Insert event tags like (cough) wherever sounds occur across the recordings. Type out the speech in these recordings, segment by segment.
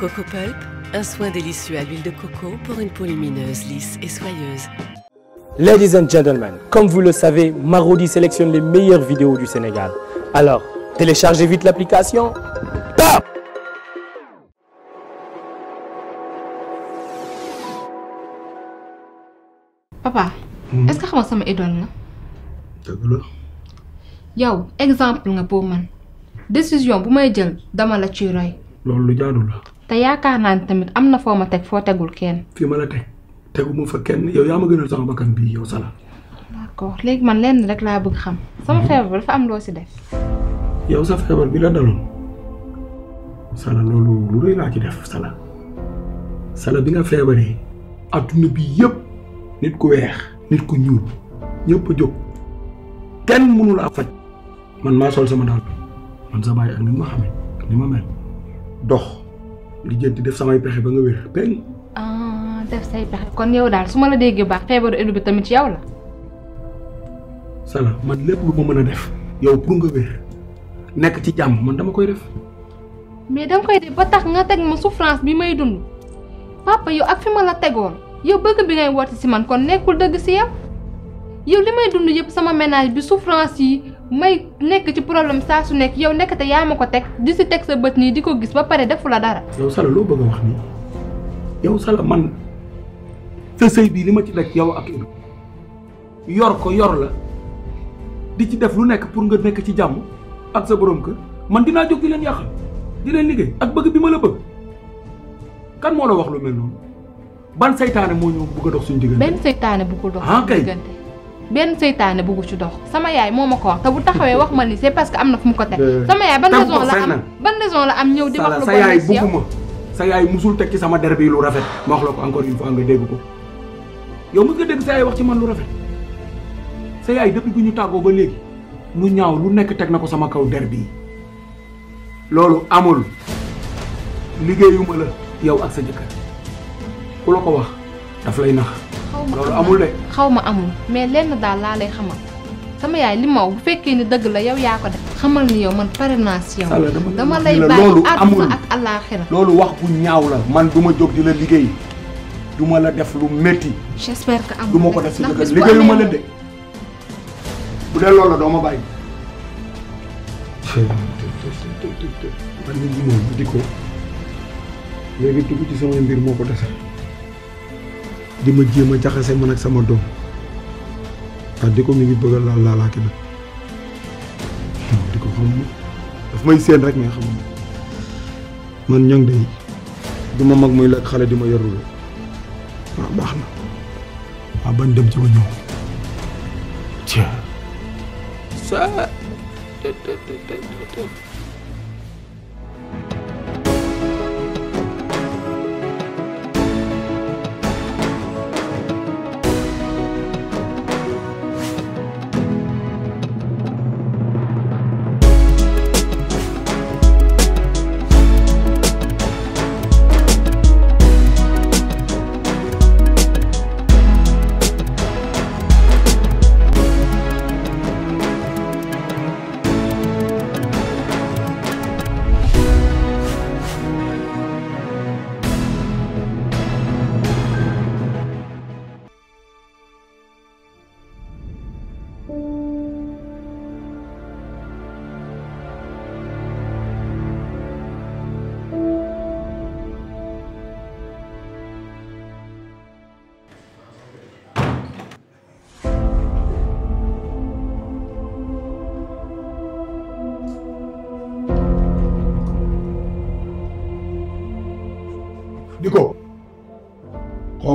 Coco Pulp, un soin délicieux à l'huile de coco pour une peau lumineuse, lisse et soyeuse. Ladies and gentlemen, comme vous le savez, Marodi sélectionne les meilleures vidéos du Sénégal. Alors, téléchargez vite l'application. Papa, hmm. est-ce que Tu nga sama idole tu as la. exemple nga pour man décision bu may jël dama la ciy roy. te yaakaar naa ne tamit am na foo ma teg foo tegul kenn. fi ma la teg teguma fa kenn yow yaa ma gënal sama bakkan bii yow sala d'accord léegi man lenn rek laa bëgg xam. sama mhm. feebar bi dafa am loo si def. yow sa feebar bi la daloon sala loolu lu rëy laa ci def sala sala bi nga feebaree adduna bi yëpp nit ku weex nit ku ñuul ñëpp a jóg kenn mënu la faj man maa sol sama daal bi man sa baay ak ni ma xamee ni ma mel dox. lijjanti def samay pexe ba nga wér peng. Ah, def say pexe kon yow daal su ma la déggee baax feebaru Edu bi tamit yow la. Sala man lépp lu ma mën a def yow pour nga wér nekk ci jàmm man dama koy def. mais dama koy def ba tax nga teg ma souffrance bi may dund papa yow ak fi ma la tegoon yow bëgg bi ngay woote si man kon nekkul dëgg si yow yow li may dund yëpp sama ménage bi souffrance yi. may nekk ci problème saa su nekk yow nekk yaa ma ko teg di si teg sa bët nii di ko gis ba pare defu la dara. yow Sala loo bëgg a wax nii yow Sala man sa sëy bii li ma ci daj yow ak Ibou yor ko yor la di ci def lu nekk pour nga nekk ci jàmm ak sa borom kër man dinaa jóg di leen yàqal di leen liggéey ak bëgg bi ma la bëgg kan moo la wax lu mel noonu ban seytaane moo ñëw bëgg a dox suñu diggante. benn seytaane bu ko dox ah, suñu diggante benn seytaane bugg ci dox sama yaay moo ma ko wax te bu taxawee wax ma ni c'est parce que am na fu mu ko teg sama yaay ban raison la am ban la am ñëw di wax lu sa yaay bugguma sa yaay musul teg ci sama der bi lu rafet ma wax la ko encore une fois nga dégg ko yow mës nga dégg sa yaay wax ci man lu rafet sa yaay depuis bu ñu tàggoo ba léegi mu ñaaw lu nekk teg na ko sama kaw der bii loolu amul liggéeyuma la yow ak sa jëkkër ku la ko wax daf lay nax xaw loolu amul de. xaw ma amul mais lenn daal laa lay xamal sama yaay li ma bu fekkee ni dëgg la yow yaa ko def. xamal ni yow man pare naa si yow. dama lay bàyyi àdduna ak àllaaxira loolu wax bu ñaaw la man du ma jóg di la liggéey du ma la def lu metti j'espère que amul du ma ko def si dëgg liggéeyu ma la de bu dee loolu la doo ma bàyyi. man nit ñi moom di moo ko desal. di ma jéem jaxase man ak sama dom ta diko mi ngi beugal la la la ki nak diko xam daf may seen rek mais xam man ñoŋ de du ma mag muy lek xale di ma yorul waaw baax na waaw bañ dem ci ma ñëw tiens ça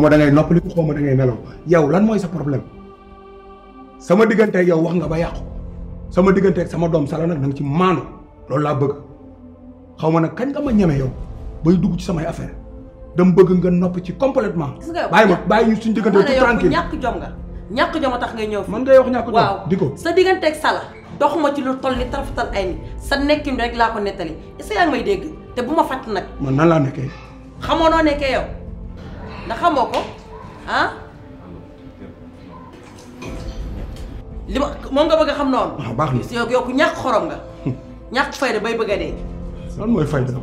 xawma da ngay noppali ko xawma da ngay melo yow lan moy sa problème sama diggante yow wax nga ba yàqu sama diggante sama dom sala nak nang ci manu loolu la bëgg xawma nak kañ nga ma ñëmé yow bay dugg ci sama ya, affaire dem bëgg nga nopp ci complètement bay ma bay ñu suñu diggante tout tranquille ñak jom nga ñak jom tax ngay ñëw man ngay wax ñak jom diko sa diggante ak sala doxuma ci lu tolli ni ay ni sa nekkin rek la ko netali est-ce que yaa may dégg té buma fat nak man nan la nekké xamono nekké yow ndax xamoo ko ah. li ma moom nga bëgg xam noonu. waaw ah, baax na yow ku ñàkk xorom nga. ñàkk fayda bay bëgg a dee. lan mooy fayda.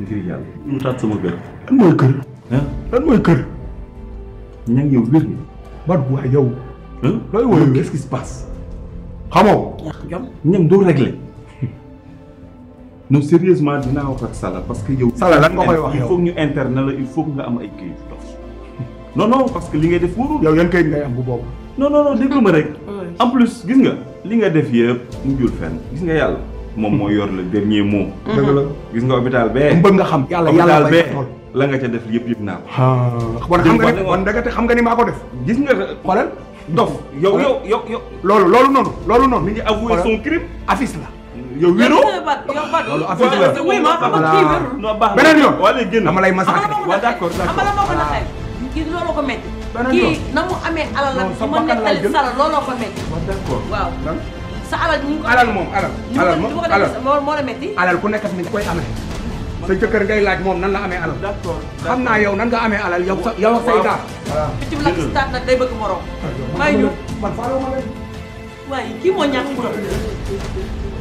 ngir yàlla. mu taat sama kër. lan mooy kër. lan mooy kër. ña ngi yow wér na. Badou waaye yow. looy woyoo qu'est-ce qui xamoo. ñàkk jom ña doo réglé. non sérieusement dina wax ak sala parce que yow. sala lan nga koy wax il faut ñu interne la il faut nga am ay këyit dof. non non parce que li ngay def wuro yow yeen këyit ngay am bu boobu. non non non déglu ma rek. en plus gis nga li nga def yëpp mu jul fenn gis nga yalla mom mo yor le dernier mot. deug (laughs) la gis nga hôpital bee. mbeug nga xam yalla yalla bay xool la nga ca def yëpp yëpp na ha xam ah. nga ne bon dëgg te xam nga ni mako def. gis nga xolal dof. yow yow yow lolu lolu non lolu non ni mi ngi son crime affiche la yow wéeru loolu affaire la voilà beneen yoon. wala génn kii looloo na mu amee alal la su ma nettali sala looloo ko métti. waaw d'accord waaw. sa alal ñu ngi ko alal moom alal. alal moom alal moo la métti. alal ku nekk ak ni koy amee. sa jëkkër ngay laaj moom nan la amee alal. d'accord xam naa yow nan nga amee alal yow sa yow ak say gaar. waaw picc bi la gis taat nag day bëgg morom. may ñu kii moo ñàkk morom.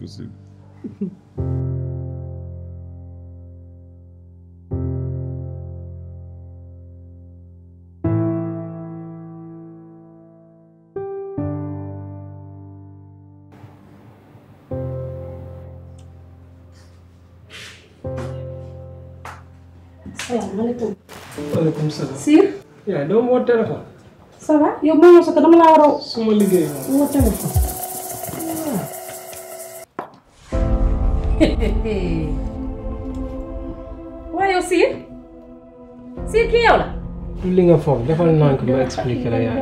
inclusive. Assalamualaikum. Waalaikumsalam. Sir. Ya, dama woo téléphone. ça va yow maa ngi soog a dama laa war a. su Why you see? See kii yow la. du li nga fof, defal nañ ko ma expliquer la yaay.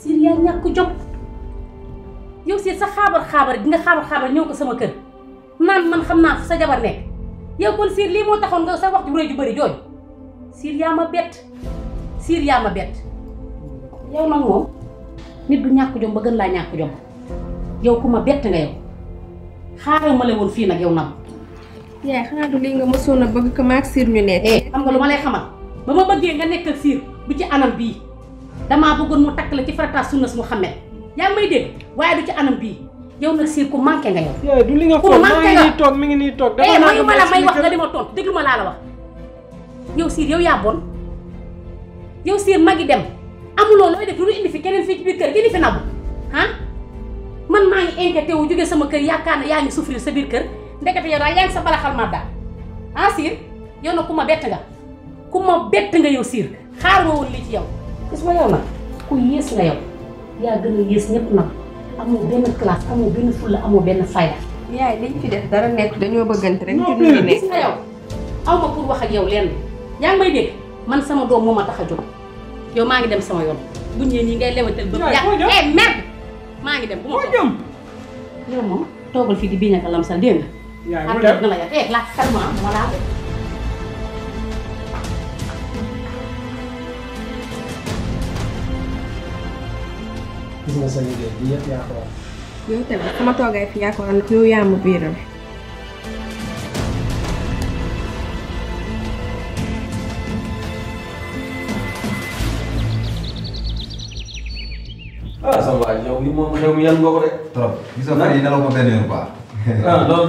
Siir yaa ñàkk jom yow si sa xabar xabar gi nga xabar xabar ñoo ko sama kër naan man xam naa sa jabar nekk yow kon sir li mo taxon nga sa wax ju rëy ju bari jooju Sir yaa ma bet. Sir yaa ma bet. yow nak moom nit du ñàkk jom ba gën laa ñàkk jom yow kuma bet nga yow. xaaral ma la woon fii nag yow nam yaay xanaa du lii nga mësoon a bëgg ko maag siir ñu nekk. Eh, xam nga lu ma lay xamal ba ma bëggee nga nekk ak siir du ci anam bii damaa bëggoon mu takk la ci farataas sunna su Muhammad yaa ngi may dégg waaye du ci anam bii yow nag siir ku manqué nga yow. yow du li nga xool maa ngi nii toog mi ngi nii toog. dama eh, naa ma la may wax nga di ma tontu déglu ma laa la wax yow siir yow yaa bon yow siir magi dem amuloo loolu def lu indi fi keneen fii ci biir fi nabu inquiété wu jógee kër yaakaar yaa ngi souffrir sa biir kër ndekete yow daal yaa ngi sa ah, ku ma bett nga ku ma bett nga yow Sire xaar ma woon ci yow gis nga yow nag ku yées nga yow yaa a yées ñëpp nag benn classe amoo benn fulla amoo dañ fi def dara nekk dañoo bëggante rek. ci lu ñu nekk gis nga yow aw pour wax ak yow lenn yaa ngi may dégg man sama doom moo ma tax a jóg yow maa ngi dem sama yoon bu ñëwee ñi ngay lewatal bëgg. yaa eh merde maa ngi dem bu ma ko yow moom toogal fii di ya, ñaka lamsal dégg nga. Ya, ngi la Ya, la ah dama laa gis nga sa liggéey bi yëpp ya ko war. yow tamit sama toogaay fi ya ko war ya yow li moom xew mi yan nga ko de. trop gisoo fan yii nelaw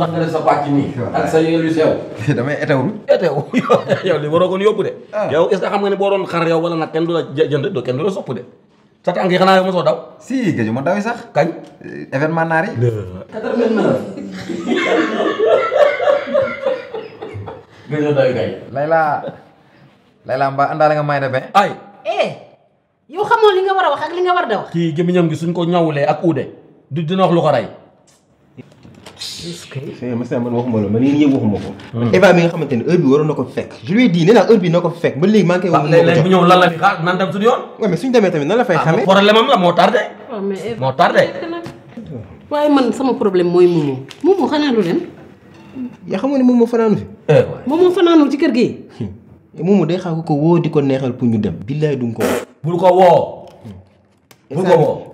ah sa pàcc nii. ak sa yéelu sew. damay étewu. étewu yow li waroo ko yóbbu de. yow est ce xam nga ne boo doon xar yow wala nag kenn du jënd do kenn du la de. sa tànk yi xanaa yow mosoo daw. si gëju ma dawi sax. Ah. kañ événement Layla Layla nga may ay. eh. (laughs) yow xamoo li nga war a wax ak li nga war de wax. kii gémmiñam gi suñ ko ñawulee ak uude du dina wax lu ko rey. est-ce que. monsieur man waxuma la waxuma ko. Eva mi nga xamante ne heure bi waroon na ko fekk. fekk ba léegi maa ngi koy. waaw léeg-léeg bu la fi xaar nan dem suñu yoon. waaw mais suñu demee tamit nan la fay ah, xamee. problème am moo tardé. waaw oh, mais moo tardé. waaye man sama problème mooy Momo. Momo xanaa lu dem. yaa xamoon ne Momo fanaanu fi. Eh, Momo fanaanul ci kër gi. Momo day xaw ko ko woo di ko neexal pour ñu dem. billaay du ko wax 무거워. 음. 무가워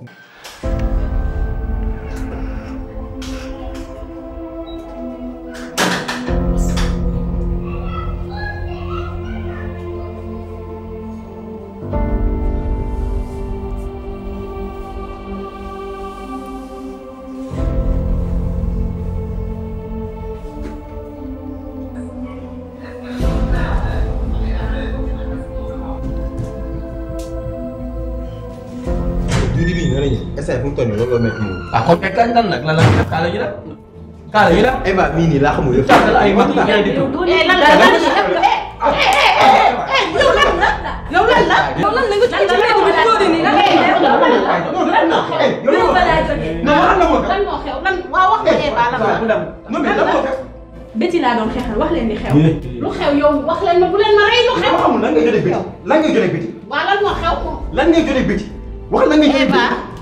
nii essai fu mu toll nii loolu la métti moom. ah kon mais kañ lan nag lan la ñuy def kaala ñu def kaala ñu def. Eva mii nii laa xamul yëpp. tàggal ay mag yi ngay di tudd. lan la lan yow lan la. yow lan la nga ci lan la nga ci nii lan la lan la lan la Béti laa doon xeexal wax leen di xew. lu xew yow wax leen ma bu leen ma rey lu xew. lan nga jëlee Béti lan nga jëlee Béti. waaw lan moo xew. lan nga jëlee Béti wax lan nga jëlee Béti.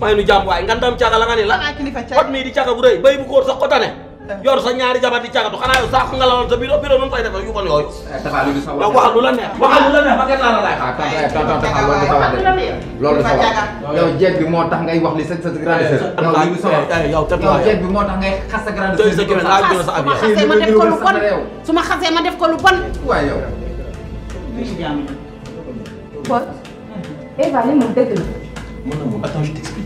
may nu jàmm waaye ngantam caga la nga ni la xot mii di caga bu rëy bay bu góor sax xotane ah. yor sa ñaari jabar di cagatu xanaa yow saako nga la woon sa biir biir noonu fay defal yu bon yooyu eh, yow waxal lu la neex waxal lu la neex ba kenn laa la laaj ah, eh, loolu sa wax yow jeeg bi moo tax ngay wax li sa sa grande sœur eh, yow li sa wax yow jeeg bi moo tax ngay xas sa grande sa gën laa gën sa ab yow su ma xasee ma def ko lu bon waaye yow Eva li mu dëgg la attends je t'explique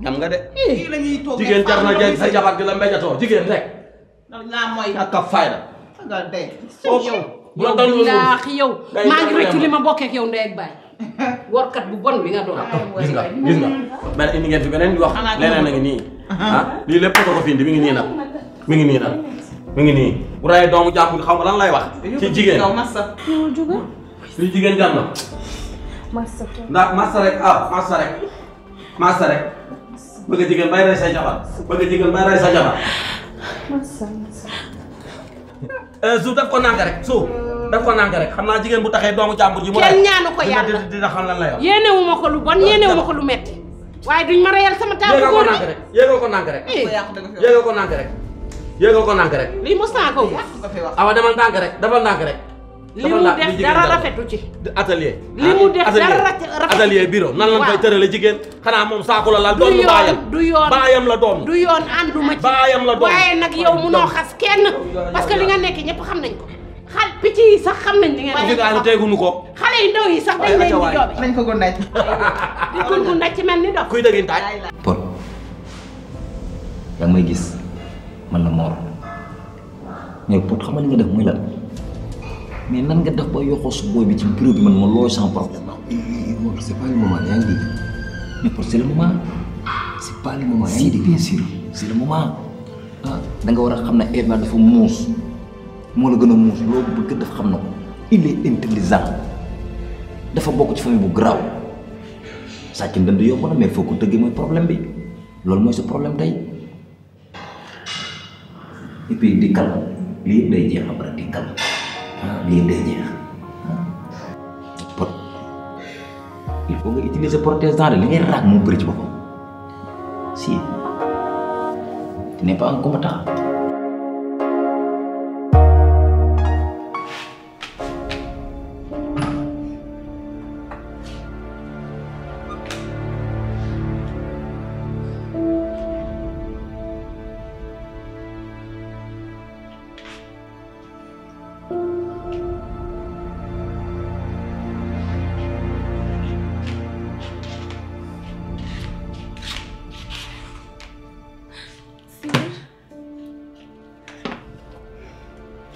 ñam nga de yi lañuy tok jigen jar na sa jabat di la mbejato jigen rek la moy ak fayda nga de yow bu la dal lu yow ma ngi reccu lima bokk ak yow ndey ak bay workat bu bon bi nga doon gis nga gis nga ben indi ngeen fi benen wax leneen nga ni ha li lepp ko ko fi indi mi ngi ni nak mi ngi ni nak mi ngi ni bu ray doomu japp xam lan lay wax ci jigen li jigen jam na massa ya. massa rek ah massa rek massa rek bëgg a jigéen bay rey sa jabar bëgg a jigéen bay rey sa jabar. macha allah. su daf ko nànk rek su daf ko nànk rek xam naa jigéen bu taxee doomu jàmbur ji. mu kenn ñaanu ko yàlla dina xam lan la yor. yéenewu ma ko lu bon yéenewu ma ko lu metti waaye duñ ma reyal sama taabu góor yi yéegal ko nànk rek yéegal ko nànk eh. rek. yéegal ko nànk rek. lii mos naa ko awa demal nànk rek defal nànk rek. li mu def dara rafetu ci atelier li mu def dara rafetu atelier bureau nan lañ koy tërale jigéen xanaa moom saako la laal doon baayam du yoon baayam la doon du yoon ànduma ci baayam la doon waaye nag yow munoo xas kenn parce que li nga nekk ñëpp xam nañ ko xal picc yi sax xam nañ li nga nekk waaye teguñu ko xale yu ndaw yi sax dañ leen di joobe nañ ko gundaaj (laughs) di kun gundaaj ci mel ni dof kuy dëgg taaj Pod yaa may gis man la Mor mais Pod xamal li nga def muy lan mais nan nga def ba yokkoo su booy bi ci bureau bi man ma looy sans problème ah. non c' est pas le moment yaa ngi mais pour c' est le moment c' est moment yaa ngi dégg bien sûr moment ah war a xam ne Eva dafa muus moo la gën a muus loolu bëgg daf xam na ko il est intelligent dafa bokk ci famille bu garaaw sàcc ndënd yomb na mais foo ko tëggee mooy problème bi loolu mooy si problème tey et puis di kal lii yëpp day jeex après di kal lidahnya il faut nga utiliser prothèse dentaire li ngay ràgg mu beri ci boppam si ce n'est pas un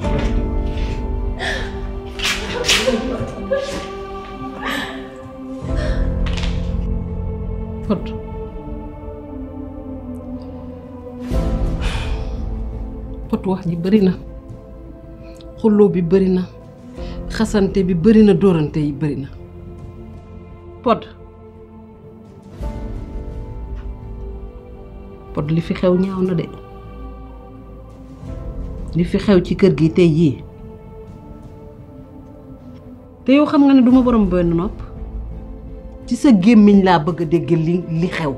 Pod. Pod wax ji bëri na xulloo bi bëri na xasante bi bëri na dóorante yi bëri na li fi xew ñaaw na de li fi xew ci kër gi tey yii te yow xam nga ne duma borom benn nopp ci sa gémmiñ laa bëgg a dégg li li xew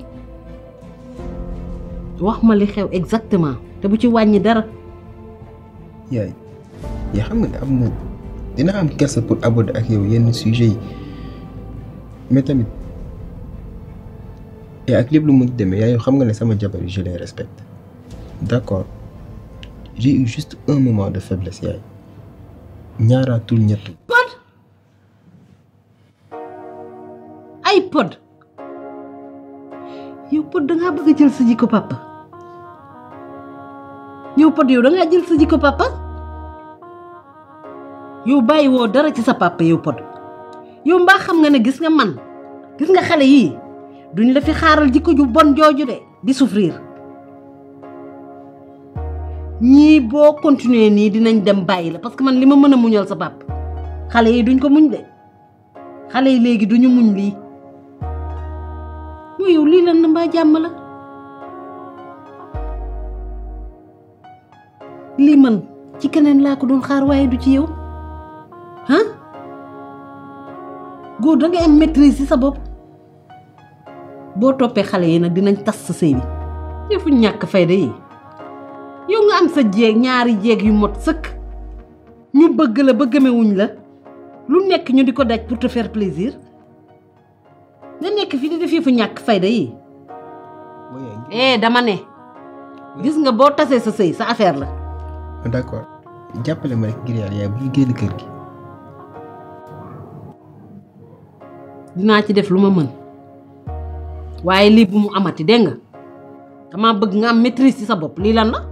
wax ma li xew exactement te bu ci wàññi dara yaay yaa xam nga ne am na dina am kersa pour aborder ak yow yenn sujet yi mais tamit yaa ak lépp lu mu demee yaa yow xam nga ne sama jabar je les respecte d'accord j'ai eu juste un moment de faiblesse yaay tout pod ay pod You pod da bëgg jël papa pod Tu da jël papa you là? wo dara ci sa papa yow pod You mba xam nga ne gis nga man gis nga xalé yi duñ la fi xaaral ju bon là? de di souffrir. ñi bo continuer ni dinañ dem bayila parce que man lima mëna muñal sa bab xalé yi duñ ko muñ dé xalé yi légui duñu muñ li mu yow li lan mba jamm la li man ci keneen la ko doon xaar waye du ci yow ha go da nga am maîtrise ci sa bop bo topé xalé yi nak dinañ tass sey bi defu ñak fayda yi yow nga am sa jéeg ñaari jéeg yu mot sëkk ñu bëgg la ba gëmewuñ la lu nekk ñu di ko daj pour te faire plaisir nga nekk fi di def yëfu ñàkk fayda yi eh dama ne gis nga boo tasee sa sëy sa affaire la d'accord jàppale ma rek ngir yaay bu ñu génn kër gi dinaa ci def lu ma mën waaye lii bu mu amati dégg dama bëgg nga am maîtrise ci sa bopp lii lan la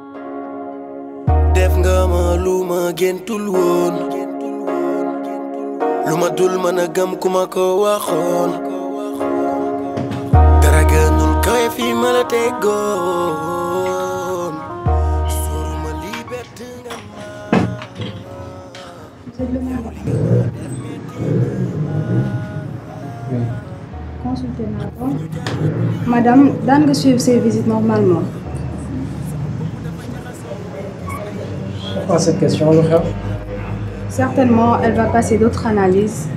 def nga ma luma ma géntul woon dul mën a gëm ko waxoon dara gënul kay fi ma teggo teggoon sóoru ma lii ma consulté madame Dan, nga suivre ses visites normalement à cette question, Certainement, elle va passer d'autres analyses.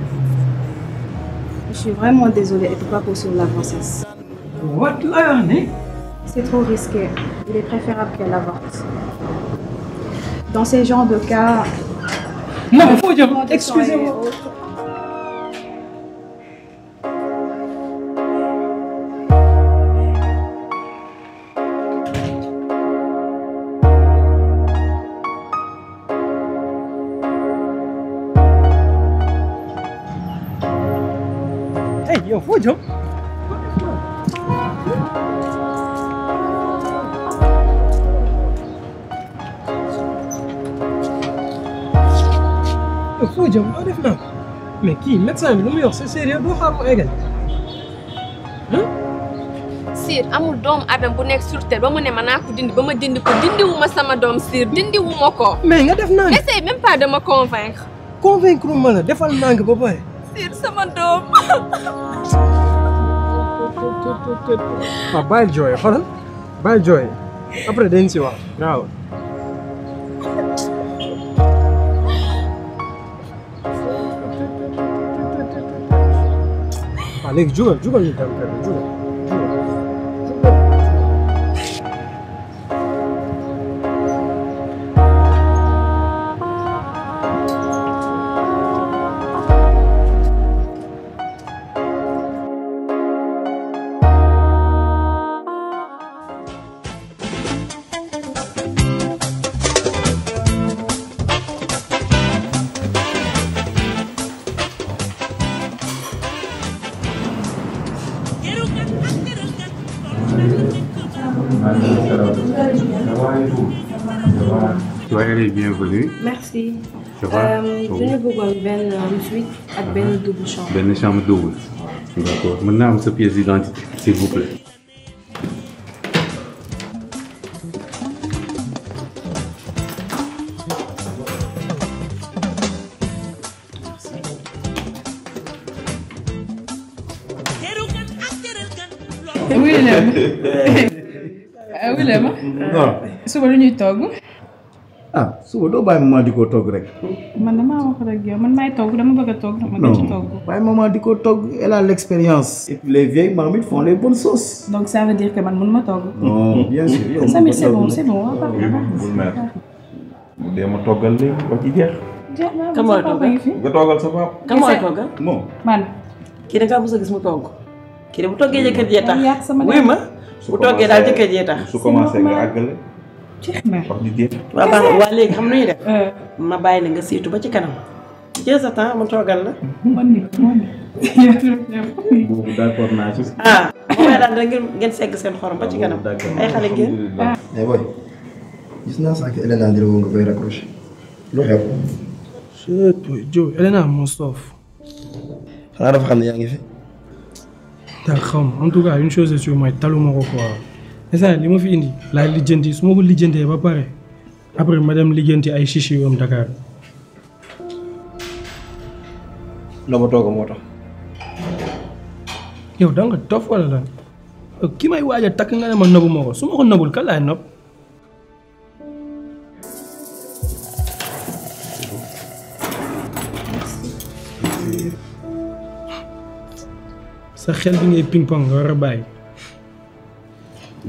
Je suis vraiment désolée, Et pourquoi pas poursuivre la grossesse. Hein? C'est trop risqué. Il est préférable qu'elle avorte. Dans ces genres de cas... Non, excusez-moi. de sangue, no meu, sai sério, doo xam eggal. É, siir amul doomu adam bu nekk sur terre ba mu ne ma naa dindi ba dindi ko dindiwu ma sama doom siir dindiwu ma ko. mais nga def naa essaye même pas de me convaincre. convaincre ma la defal naa nga ba pare. siir sama doom. waaw ah, bàyyi jooy xoolal bàyyi jooy après dañ si wax waaw. 아, 내가 죽을, 죽을 일단 그래. bienvenue. Merci. Je euh, ben, euh, ben ah, double chambre. Ben double. d'accord vous pièce d'identité s'il vous plaît. Ah (laughs) ah non. Togo? suba doo bay maman diko ko togg rek. man dama wax rek yow man may togg dama bëgg a togg. ma gën ci togg. bàyyi maman diko ko togg elle a l' et puis les vieilles marmites font les bonnes sauces. donc ça veut dire que man mun ma togg. non bien sûr yow. Samy c' est bon c' est bon waaw bul ma toggal léegi ba ci jeex. jeex naa ma nga toggal sa papa. ka mooy toggal moom. man. ki da ngaa mos gis mu togg. ki da bu toggee jëkkër jee tax. ma bu toggé dal jëkkër jëta su commencé nga àggale. jeex na wax ni déet. waaw baax na waaw léegi xam nañu def. Euh. ma bàyyi la nga siitu ba ci kanam. jël sa temps mu toogal la. man ni man ni. boobu naa ci. ah moom seen xorom ba ci kanam. Ah, ay xale ngeen. mais eh, gis naa sànq Elena di la woo nga moo soof. xanaa dafa xam ne yaa ngi fi. daa xam en tout cas une chose est talu mooy taluma ko quoi. instant li ma fi indi laay lijjanti su ma ko lijjantee ba pare après ma dem lijjanti ay chichi yu am Dakar. la ma toog moo tax. yow da nga tof wala ki may waaj takk nga ne ma nëbu ma ko su ma ko nëbul kan laay nopp. sa xel bi ngay ping pong nga war a bàyyi.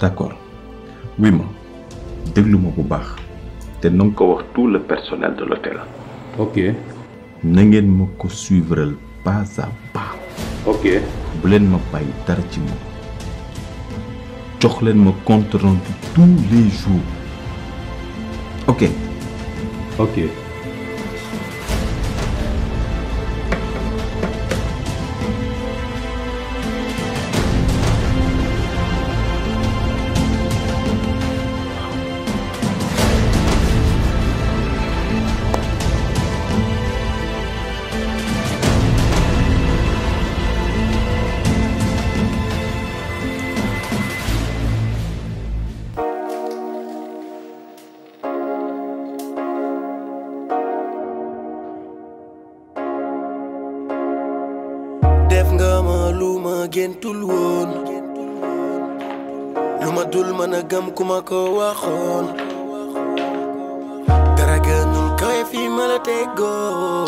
d'accord Oui mon. déglu ma bu baax te na tout le personnel de l'hôtel ok na ngeen suivre le pas à pas ok Je me ma bàyyi dara ci moom ma compte rendu tous les jours ok ok waxoon dara gënul kawe fi ma la tegoon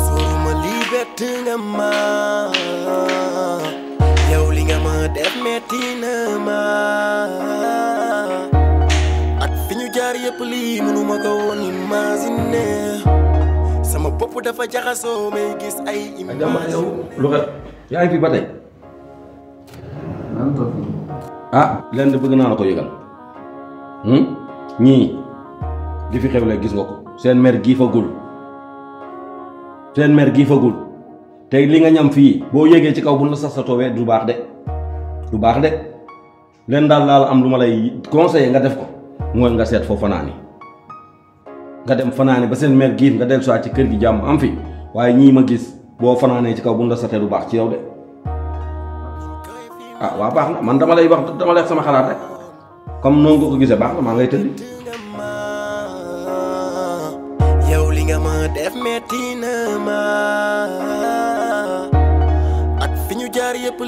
soruma lii bett nga ma yow li nga ma def metti na ma at fi ñu jaar yëpp ya lii mënuma ko woon imagine sama bopp dafa jaxasoo may gis ay image yow lu xew yaa ngi fi ba tey maa ngi toog ah lenn bëgg na la ko yëgal hmm? ñi li fi xewle gis nga ko seen mer gii fagul seen mer gii fagul tay li nga ñam fi bo yégee ci kaw bu la sasatoowee du baax dé du baax dé leen dal laal am luma lay conseiller nga def ko moy nga sét fofu fanaani nga dem fanaani ba seen mer gi nga dellu so ci kër gi am fi waye ñi ma gis bo fanaanee ci kaw bu la du ci yow de ah waaw baax na man dama lay wax dama lay sama xalaat rek comme noonu nga ko gisee baax na ngay yow li nga ma def metti na ma ya ko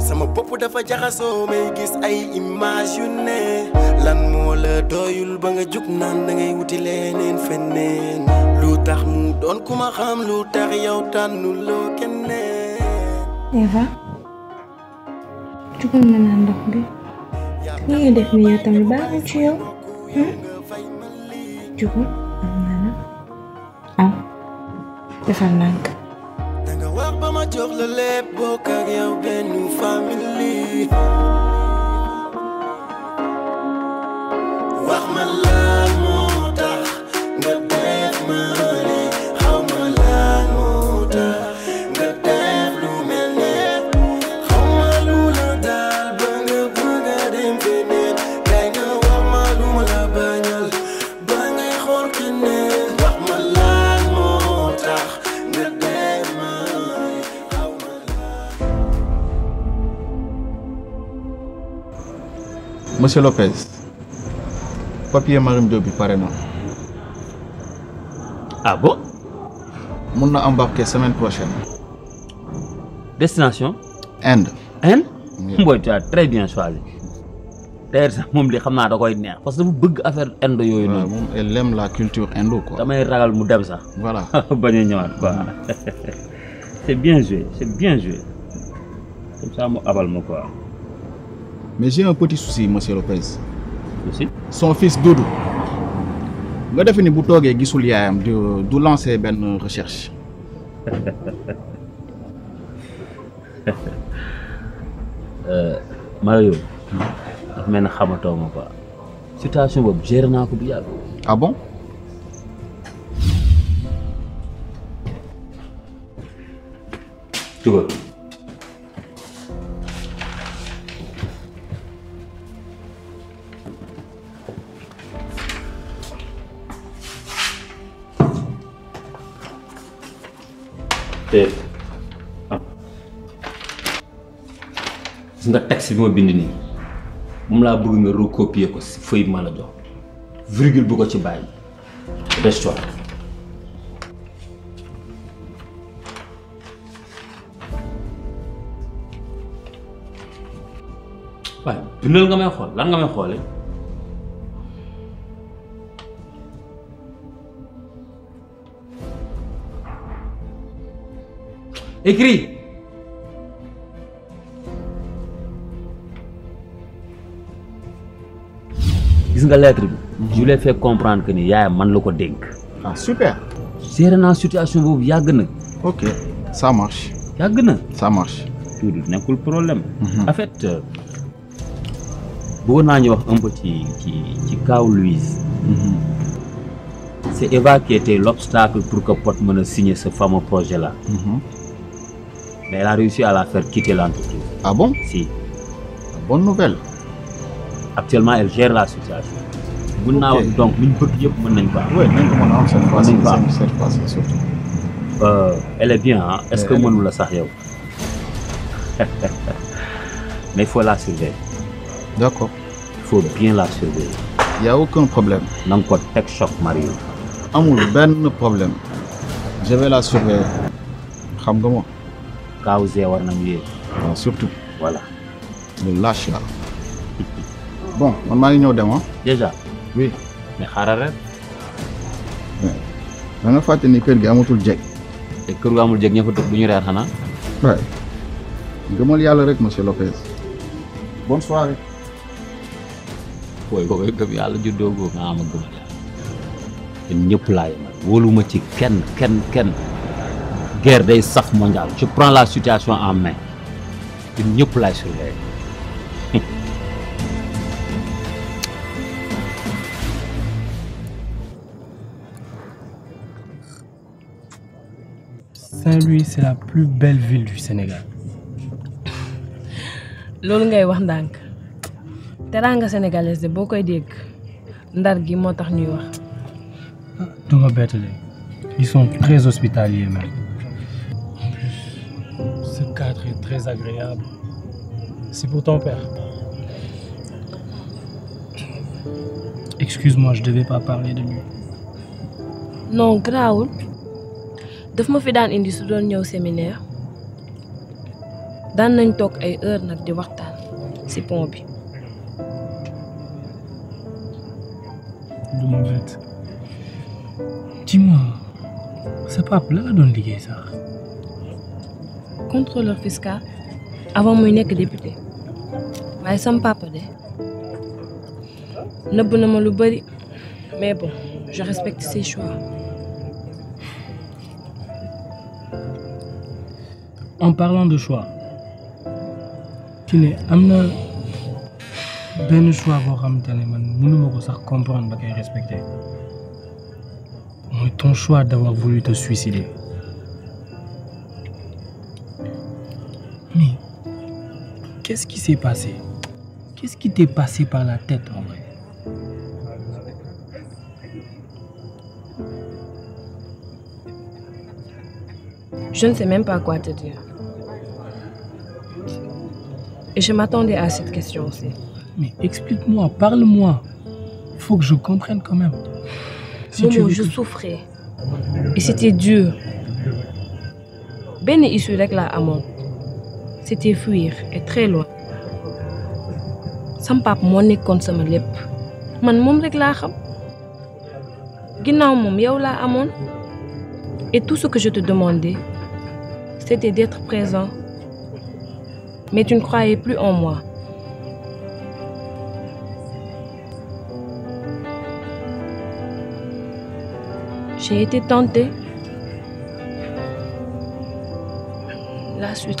sama dafa may gis ay lan la doyul ba nga da ngay wuti leneen mu xam yow Eva jugal ma ndox bi li def ni yow tamit hmm? baaxul ci yow jugal am na la am defal danga wax ba ma jox la lépp bokk ak yow benn monsieur Lopez papier Marim Diop bi paré non ah bon. mun na embarquer semaine prochaine. destination. Inde. Inde. Mboy tu as très bien choisi. d'ailleurs je moom li xam da koy parce que dafa bëgg affaire Inde. yooyu elle aime la culture indo quoi. damay ragal mu dem ça. voilà (laughs) bañ a (laughs) c'est bien joué c'est bien joué comme ça mu abal ma quoi. Mais j'ai un petit souci, monsieur Lopez. Souci Son fils Doudou. nga defe ni bu toogee gisul de du lancer benn recherche. (laughs) Euh, Mario. dafa ne xamatoo ma quoi. situation boobu géré ko bu ah bon. vois. Evet. Ah. gis nga texte bi ma bind nii moom laa bëgg nga recopier ko si feuille bi ma la jox virgule bu ko ci bàyyi restaurant. waaye dundal nga may xool Écris. gis nga lettre je ai fait comprendre que ni man lako denk ah super. géré situation ok ça marche. Ça ça marche. pas le problème. Mhm. en fait euh, ñu un Louise. Mhm. c'est Eva qui était l'obstacle pour que Pod signer ce fameux projet là. Mhm. Mais elle a réussi à la faire quitter l'entreprise. Ah bon Si. Bonne nouvelle. Actuellement, elle gère la situation. Vous okay. Donc, ne pas. Oui, même pas. Euh, elle est bien, hein? est-ce que moi nous la savons (laughs) Mais il faut la surveiller. D'accord. Il faut bien la surveiller. Il n'y a aucun problème. Non, quoi, tech Shock Mario. Amour, ben problème. Je vais la surveiller. Je Kaawusee war nañu yéeg. waaw surtout. voilà. ñu lâche bon maa ngi ñëw dem ah. déjà oui mais xaaral rek. da fàtte ni kër gi amatul jég. te kër gu amul jég ña fa toog du ñu reer xanaa. waay yàlla rek monsieur Lopez. bonne soirée. booy booy gëm yàlla juddoo googu maa ma gëmal yàlla. te ñëpp laa yemal wóoluma ci kenn kenn kenn. guerre des saf mondial je prends la situation en main ñun ñëpp la surveiller Saint-Louis c'est la plus belle ville du Sénégal loolu ngay wax ndànk teranga sénégalaise de bokoy koy ndar gi motax ñuy wax ah, du bétalé. ils sont très hospitaliers même ce cadre est très agréable. C'est pour ton père. Excuse-moi, je ne devais pas parler de lui. Non, Graoul. Je ma fi fait indi su au séminaire Dans nañ talk, ay heure nak di waxtaan C'est pour dis-moi, c'est pas la contrôleur fiscal avant que je député Mais ça ne de nëbb na ma lu bari mais bon je respecte ses choix. en parlant de choix tu n'es pas le choix boo je ne peux pas sax comprendre ba koy respecter C'est ton choix d'avoir voulu te suicider. Qu'est-ce qui s'est passé Qu'est-ce qui t'est passé par la tête en vrai Je ne sais même pas quoi te dire. Et je m'attendais à cette question aussi. Mais explique-moi, parle-moi. Il Faut que je comprenne quand même. Si Momo, je souffrais. Et c'était dur. Ben issu rek la Amon c'était fuir est très loin sam pap moo nekkoon sama lépp man moom rek la xam ginnaaw mom yow la et tout ce que je te demandais c'était d'être présent mais tu ne croyais plus en moi j'ai été tentée La suite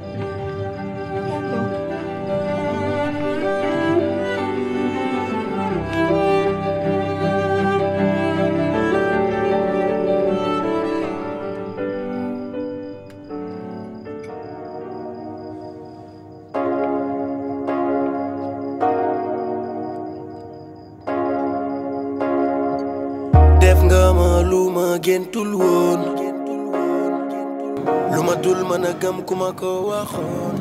géntul woon mën a gëm ko waxoon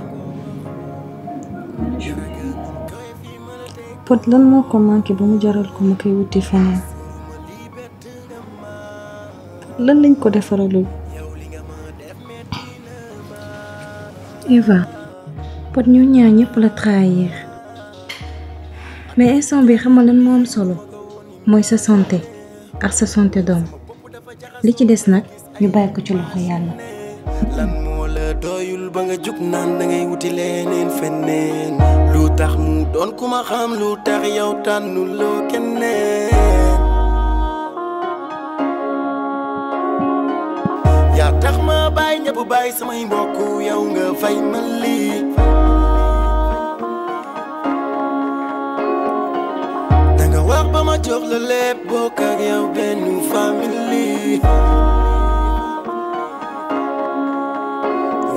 Pod lan moo ko manqué ba mu jaral ko mu koy wuti feneen lan lañ ko defaralul Eva pot ñu ñaar ñëpp la trahir mais instant bi xamal lan moo am solo mooy sa santé ak sa santé doom li ci des nag ñu bàyyi ko ci loxo yàlla. lan moo la doyul ba nga jug naan da ngay wuti leneen feneen lu tax mu doon ku ma xam lu tax yow tànnu loo keneen. yaa tax ma bàyyi ñëpp bàyyi samay mbokk yow nga fay ma lii. ma jox la lépp bokk ak yow benn famille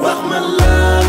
wax ma la